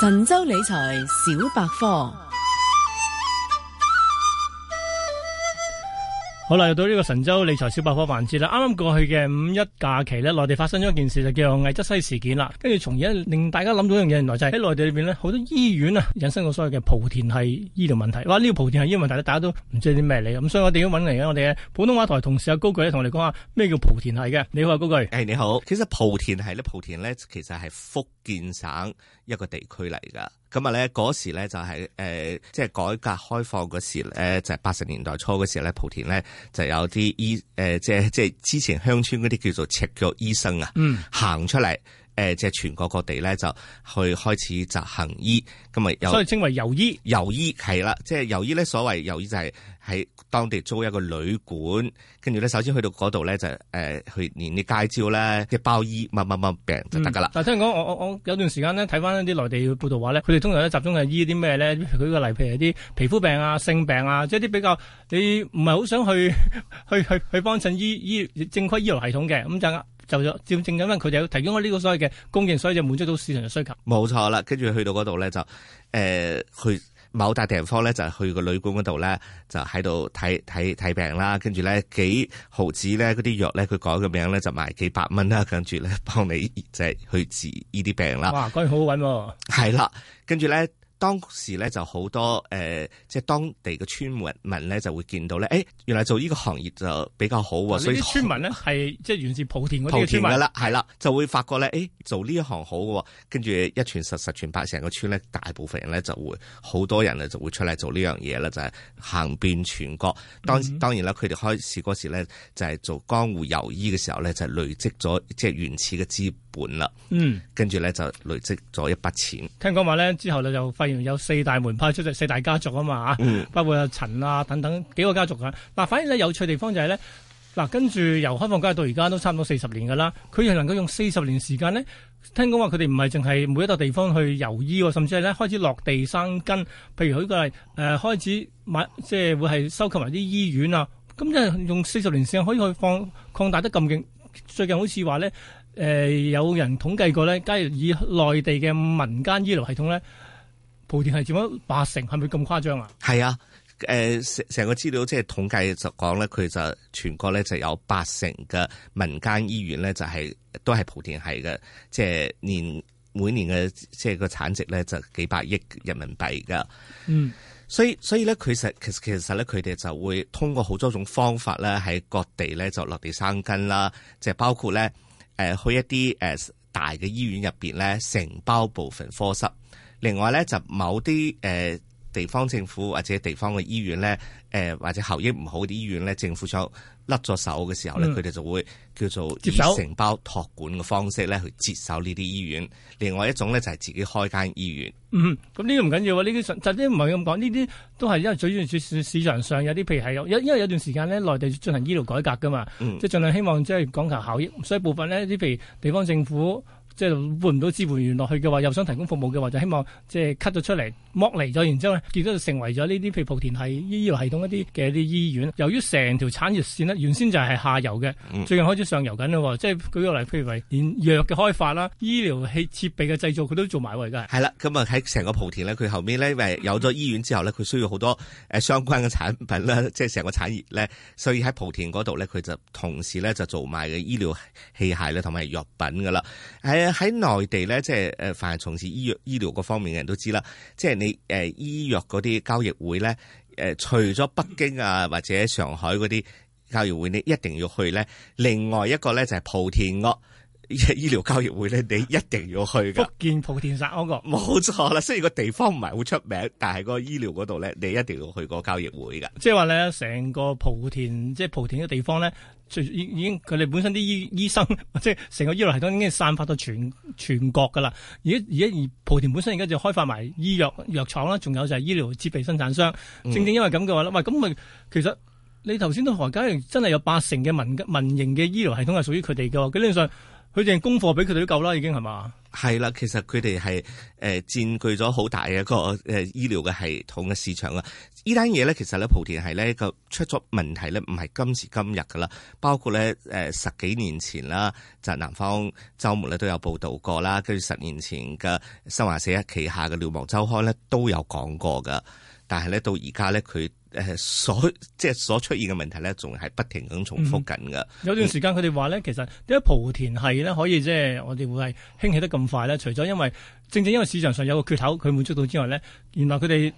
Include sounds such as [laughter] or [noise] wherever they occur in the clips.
神州理財小百科。好啦，又到呢個神州理財小百科環節啦。啱啱過去嘅五一假期咧，內地發生咗一件事就叫做魏則西事件啦。跟住從而令大家諗到一樣嘢，原來就係喺內地裏邊咧，好多醫院啊，引申過所謂嘅莆田系醫療問題。哇，呢、這個莆田系醫療問題，大家都唔知啲咩嚟。咁所以我哋要搵嚟我哋嘅普通話台同事阿高炬同我哋講啊，咩叫莆田系嘅？你好、啊，高炬、哎。你好。其實莆田系咧，莆田咧，其實係福建省一個地區嚟噶。咁啊咧，嗰時咧就係誒，即係改革開放嗰時咧，誒就係八十年代初嗰時咧，莆田咧就有啲醫誒，即係即係之前鄉村嗰啲叫做赤腳醫生啊，嗯，行出嚟。誒，即係、呃、全國各地咧，就去開始執行醫，咁咪又，所以稱為遊醫。遊醫係啦，即係遊醫咧，所謂遊醫就係喺當地租一個旅館，跟住咧，首先去到嗰度咧，就誒、呃、去連啲街招咧，即係包醫乜乜乜病就得噶啦。但係聽講，我我我有段時間咧，睇翻一啲內地嘅報道話咧，佢哋通常咧集中係醫啲咩咧？舉個例，譬如啲皮膚病啊、性病啊，即係啲比較你唔係好想去去去去幫襯醫醫正規醫療系統嘅咁就。就咗，照正咁樣，佢就要提供我呢個所謂嘅供應，所以就滿足到市場嘅需求。冇錯啦，跟住去到嗰度咧就，誒、呃，去某笪地方咧就去個旅館嗰度咧，就喺度睇睇睇病啦。跟住咧幾毫子咧嗰啲藥咧，佢改個名咧就賣幾百蚊啦。跟住咧幫你即係去治呢啲病啦。哇，居然好好搵喎！係啦，跟住咧。當時咧就好多誒、呃，即係當地嘅村民咧就會見到咧，誒、哎、原來做呢個行業就比較好喎，所以是村民咧係即係源自莆田嗰啲村民啦，係啦，就會發覺咧，誒、哎、做呢一行好嘅，跟住一傳十十傳百，成個村咧大部分人咧就會好多人咧就會出嚟做呢樣嘢啦，就係、是、行遍全國。當，、嗯、當然啦，佢哋開始嗰時咧就係、是、做江湖遊醫嘅時候咧，就係、是、累積咗即係原始嘅資本啦，嗯，跟住咧就累積咗一筆錢。聽講話咧之後咧，就發現有四大門派出咗四大家族啊嘛吓，包括阿陳啊等等幾個家族啊。嗱，反而咧有趣地方就係咧嗱，跟住由開放街到而家都差唔多四十年噶啦。佢係能夠用四十年時間呢，聽講話佢哋唔係淨係每一個地方去遊醫，甚至係咧開始落地生根，譬如佢個誒開始買，即係會係收購埋啲醫院啊。咁即係用四十年時間可以去放擴大得咁勁。最近好似話咧，誒有人統計過咧，假如以內地嘅民間醫療系統咧，莆田系點樣八成，係咪咁誇張啊？係、呃、啊，誒成成個資料即係統計就講咧，佢就全國咧就有八成嘅民間醫院咧、就係，就係都係莆田系嘅，即係年每年嘅即係個產值咧就幾百億人民幣噶。嗯，所，所以所以咧佢實其實其實咧佢哋就會通過好多種方法咧喺各地咧就落地生根啦，即、就、係、係、包括咧。誒去一啲誒大嘅醫院入邊咧，承包部分科室。另外咧，就某啲誒。呃地方政府或者地方嘅醫院呢，誒、呃、或者效益唔好啲醫院呢，政府想甩咗手嘅時候呢，佢哋、嗯、就會叫做接以承包託管嘅方式呢，去接手呢啲醫院。另外一種呢，就係自己開間醫院。嗯，咁呢啲唔緊要啊，呢啲實，但啲唔係咁講，呢啲都係因為主要市市場上有啲譬如係有，因因為有段時間呢，內地進行醫療改革噶嘛，即係儘量希望即係講求效益，所以部分呢，啲譬如地方政府。即係換唔到支援員落去嘅話，又想提供服務嘅話，就希望即係 cut 咗出嚟，剝離咗，然之後咧，變咗成為咗呢啲，譬如莆田系醫療系統一啲嘅啲醫院。由於成條產業線呢，原先就係下游嘅，最近開始上游緊咯。即係舉個例，譬如話，連藥嘅開發啦、醫療器設備嘅製造，佢都做埋喎，而家係啦。咁啊喺成個莆田呢，佢後面呢，有咗醫院之後呢，佢需要好多誒相關嘅產品啦，即係成個產業咧。所以喺莆田嗰度呢，佢就同時呢，就做埋嘅醫療器械呢，同埋藥品噶啦，係。喺內地咧，即係誒凡係從事醫藥醫療嗰方面嘅人都知啦，即係你誒醫藥嗰啲交易會咧，誒除咗北京啊或者上海嗰啲交易會，你一定要去咧，另外一個咧就係莆田屋。醫醫療交易會呢，你一定要去嘅。福建莆田省嗰個，冇錯啦。雖然個地方唔係好出名，但係個醫療嗰度呢，你一定要去個交易會噶。即係話呢，成個莆田，即係莆田嘅地方呢，已已經佢哋本身啲醫醫生，即係成個醫療系統已經散發到全全國噶啦。而家，而莆田本身而家就開發埋醫藥藥廠啦，仲有就係醫療設備生產商。嗯、正正因為咁嘅話咧，喂，咁咪其實你頭先都話，假如真係有八成嘅民民營嘅醫療系統係屬於佢哋㗎基本上。佢淨係供貨俾佢哋都夠啦，已經係嘛？係啦，其實佢哋係誒佔據咗好大嘅一個誒醫療嘅系統嘅市場啊！呢單嘢咧，其實咧莆田系呢個出咗問題咧，唔係今時今日噶啦，包括咧誒、呃、十幾年前啦，就係南方周末咧都有報道過啦，跟住十年前嘅新華社旗下嘅《瞭望周刊》咧都有講過噶，但係咧到而家咧佢。誒，所即係所出現嘅問題咧，仲係不停咁重複緊㗎、嗯。有段時間佢哋話咧，嗯、其實點解莆田系咧可以即係我哋會係興起得咁快咧？除咗因為正正因為市場上有個缺口，佢滿足到之外咧，原來佢哋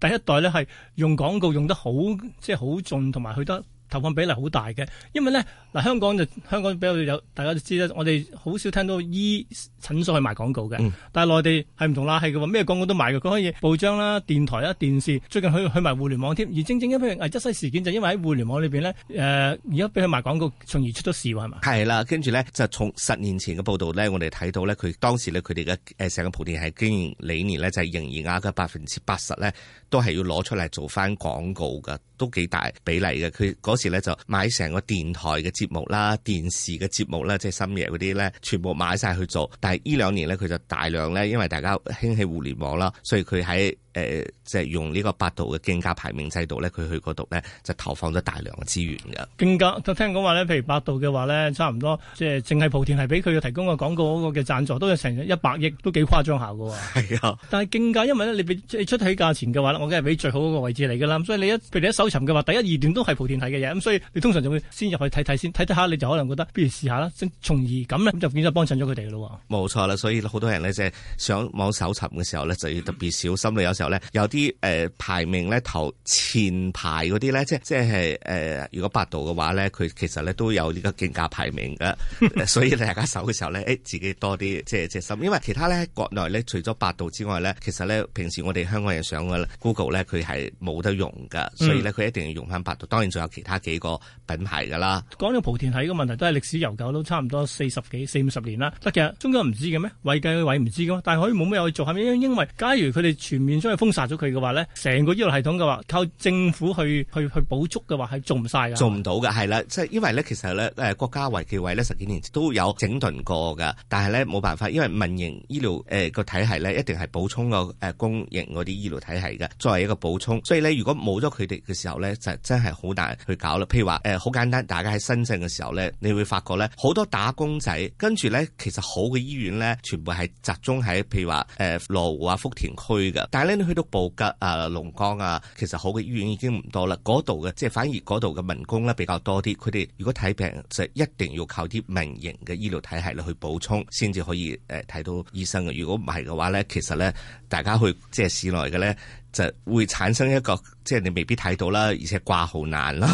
第一代咧係用廣告用得好，即係好盡同埋去得。投放比例好大嘅，因為呢，嗱香港就香港比較有大家都知啦，我哋好少聽到醫、e、診所去賣廣告嘅，嗯、但係內地係唔同啦，係嘅喎，咩廣告都賣嘅，佢可以報章啦、電台啦、電視，最近去去埋互聯網添。而正正因為魏則西事件，就因為喺互聯網裏面呢，誒而家俾佢賣廣告，從而出咗事喎，係嘛？係啦，跟住呢，就從十年前嘅報道呢，我哋睇到呢，佢當時呢，佢哋嘅成個莆田係經營理念呢，就係、是、營業額嘅百分之八十呢，都係要攞出嚟做翻廣告嘅，都幾大比例嘅佢時咧就買成個電台嘅節目啦、電視嘅節目啦，即係深夜嗰啲咧，全部買晒去做。但係呢兩年咧，佢就大量咧，因為大家興起互聯網啦，所以佢喺。誒，即係、呃就是、用呢個百度嘅競價排名制度咧，佢去嗰度咧就投放咗大量嘅資源嘅。競價就聽講話咧，譬如百度嘅話咧，差唔多即係淨係莆田系俾佢提供個廣告嗰個嘅贊助，都有成一百億，都幾誇張下嘅喎。係啊，但係競價因為咧你俾即係出得起價錢嘅話咧，我梗係俾最好嗰個位置嚟嘅啦。所以你一譬如一搜尋嘅話，第一二段都係莆田睇嘅嘢，咁所以你通常就會先入去睇睇先看看，睇睇下你就可能覺得，不如試下啦，先從而咁咧就變咗幫襯咗佢哋咯。冇錯啦，所以好多人咧即係上網搜尋嘅時候咧，就要特別小心、嗯、有時候。有啲誒、呃、排名咧頭前排嗰啲咧，即即係誒，如果百度嘅話咧，佢其實咧都有呢個競價排名嘅， [laughs] 所以大家搜嘅時候咧，誒、哎、自己多啲即即小心，因為其他咧國內咧，除咗百度之外咧，其實咧平時我哋香港人上嘅 Google 咧，佢係冇得用嘅，所以咧佢一定要用翻百度。當然仲有其他幾個品牌噶啦。講、嗯、到莆田系嘅問題，都係歷史悠久，都差唔多四十幾四五十年啦。得嘅，中央唔知嘅咩，衛計委唔知嘅嘛，但係可以冇咩去做，係咪因為假如佢哋全面因為封殺咗佢嘅話咧，成個醫療系統嘅話，靠政府去去去補足嘅話係做唔晒噶，做唔到嘅係啦，即係因為咧，其實咧誒國家衛計委咧十幾年都有整頓過噶，但係咧冇辦法，因為民營醫療誒個體系咧一定係補充個誒公營嗰啲醫療體系嘅，作為一個補充，所以咧如果冇咗佢哋嘅時候咧，就真係好難去搞啦。譬如話誒好簡單，大家喺深圳嘅時候咧，你會發覺咧好多打工仔，跟住咧其實好嘅醫院咧，全部係集中喺譬如話誒羅湖啊福田區嘅，但係咧。去到布吉啊、龍崗啊，其實好嘅醫院已經唔多啦。嗰度嘅即係反而嗰度嘅民工咧比較多啲，佢哋如果睇病就一定要靠啲民營嘅醫療體係去補充，先至可以誒睇、呃、到醫生嘅。如果唔係嘅話咧，其實咧大家去即係市內嘅咧，就會產生一個即係你未必睇到啦，而且掛號難啦，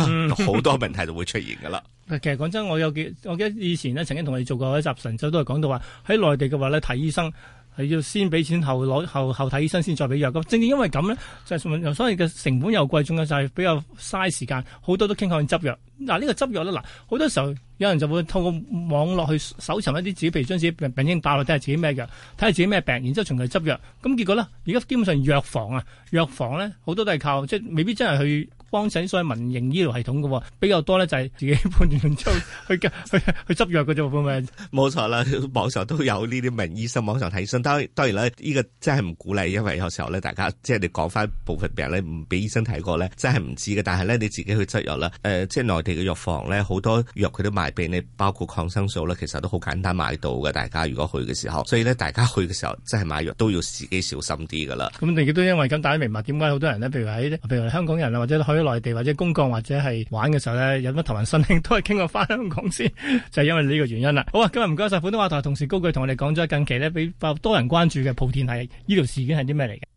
好多問題就會出現噶啦。 [laughs] 其實講真，我有幾，我記得以前咧曾經同你做過一集神，神州都係講到話喺內地嘅話咧睇醫生。係要先俾錢後攞後睇醫生先再俾藥，咁正正因為咁呢就所以嘅成本又貴，仲有就係比較嘥時間，好多都傾向執藥。嗱、啊、呢、呢個執藥咧，嗱、啊、好多時候有人就會透過網絡去搜尋一啲自己，譬如將自己病病打落睇下自己咩藥，睇下自己咩病，然之後從嚟執藥。咁、啊、結果呢，而家基本上藥房啊，藥房呢，好多都係靠即係未必真係去。幫請所謂民營醫療系統嘅比較多咧，就係自己判斷之後去 [laughs] 去去，去，去執藥嘅啫喎，冇 [laughs] 錯啦，網上都有呢啲名醫生，網上睇醫生，當然啦，呢、呢個真係唔鼓勵，因為有時候咧，大家即係你講翻部分病咧，唔俾醫生睇過咧，真係唔知嘅。但係咧，你自己去執藥啦、呃，即係內地嘅藥房咧，好多藥佢都賣俾你，包括抗生素呢，其實都好簡單買到嘅。大家如果去嘅時候，所以咧大家去嘅時候真係買藥都要自己小心啲㗎啦。咁你都因為咁大家明白點解好多人呢？譬如喺譬如香港人或者去。內地或者公幹或者係玩嘅時候咧，有乜頭暈身㷫都係經過翻香港先，就係、是、因為呢個原因啦。好啊，今日唔該晒普通話台同事高炬同我哋講咗近期咧比較多人關注嘅莆田系醫療呢條事件係啲咩嚟嘅？